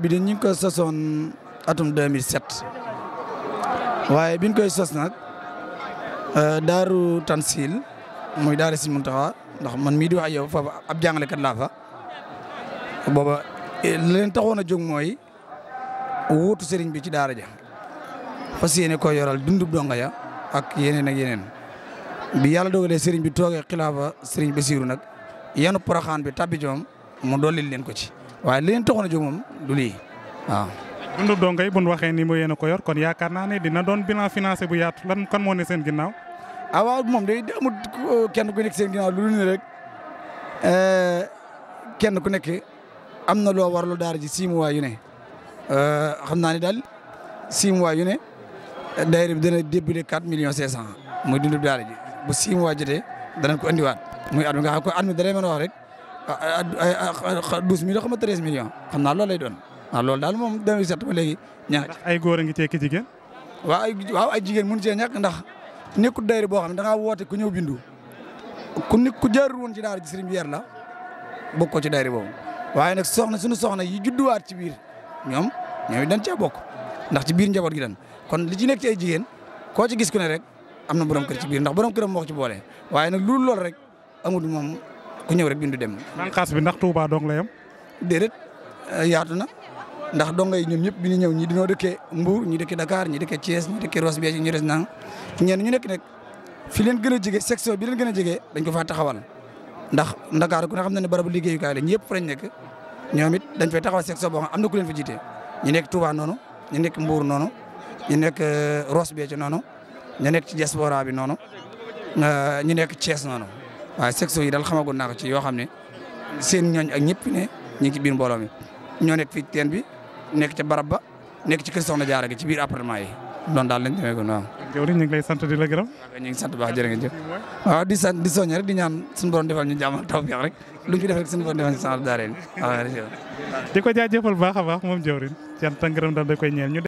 bi di ñu ngi koy sosoon atum 2007 waaye biñ koy sos nag euh, daaru Tansil muy daara si Muntaxa ndax man mii di wax yow foofu ab jàngalekat laa fa booba eh, leen taxoon a jóg mooy wuutu sëriñ bi ci daara ja fas yéene ko yoral dundub donga ya ak yeneen ak yeneen bi yàlla dogalee sëriñ bi toogee xilaafa sëriñ Basiiru nag yanu poroxaan bi tabbi joom mu dollil leen ko ci waaye li leen taxoon a jóg moom du lii waaw. dundu donga yi bu nu waxee ni mu yéen a ko yor kon yaakaar naa ne dina doon bilan financé bu yaatu lan kan moon ne seen ginnaaw. ah waaw moom day amul kenn ku nekk seen ginnaaw lu ne rek eh, kenn ku nekk am na loo warlu daara ji six mois yu ne eh, xam naa ne daal six mois yu ne daayira bi dana débile quatre million cinq cent muy dundu daara ji bu six mois jotee danañ ko andiwaat. muy at mi nga xam ko at mi da rek. Ah, ah, ah, douze millions xam nga treize millions xam naa loolu lay doon waaw loolu daal moom 2007 ba léegi. ñaar ndax ay góor a ngi waa jigéen. waaw ay waaw ay jigéen mënu cee ñàkk ndax nekkul dayri boo xam ne da ngaa woote ku ñëw bindu ku ni ku jaarul woon ci daara ji sëriñ bi yar la bokkoo ci dayri boobu. waaye nag soxna suñu soxna yi judduwaat ci biir ñoom ñoom dañ cee bokk ndax ci biir njaboot gi dañ kon li ci nekk ci ay jigéen koo ci gis ku ne rek am na borom kër ci biir ndax borom këram moo ci boole ku ñëw rek bindu dem. bànqaas bi ndax Touba dong la yam. déedéet euh, yaatu na ndax donga yi ñoom ñëpp bi ñu ñëw ñi dañoo dëkkee Mbour ñi dëkkee Dakar ñi dëkkee Thiès ñi dëkkee Ross Béthio ñu res naan ñenn ñu nekk nag fi leen gën a jege section bi leen gën a jege dañ ko faa taxawal ndax Ndakaar ku ne xam na ne barabu liggéeyukaay la ñëpp nekk ñoom it dañ fay taxawal section boo xam am na ku leen fa jiite ñu nekk Touba noonu ñu nekk Mbour noonu ñu nekk euh, Ross Béthio noonu ñu nekk ci diaspora bi noonu euh, ñu nekk Thiès noonu waaye sexo yi dal xamagul naa ci yo xamne seen ñooñ ak ñepp ne ñi ci biir mbolo mi ñoo nek fi teen bi nek ci barab ba nek ci kër na Jaara gi ci biir appartement yi non dal lañu demé ko non yow jërëjëf ñi ngi lay sant di la gëram ñi ngi sant baax jërë nga jëf. wa di sant di soñ rek di ñaan suñu borom defal ñu jàmm tawfeex rek luñ ñu fi def rek suñu borom defal ñu daare ni wa waaw. di ko jaajeufal baax baax moom jëwrin ci tan gëram dal da koy ñeel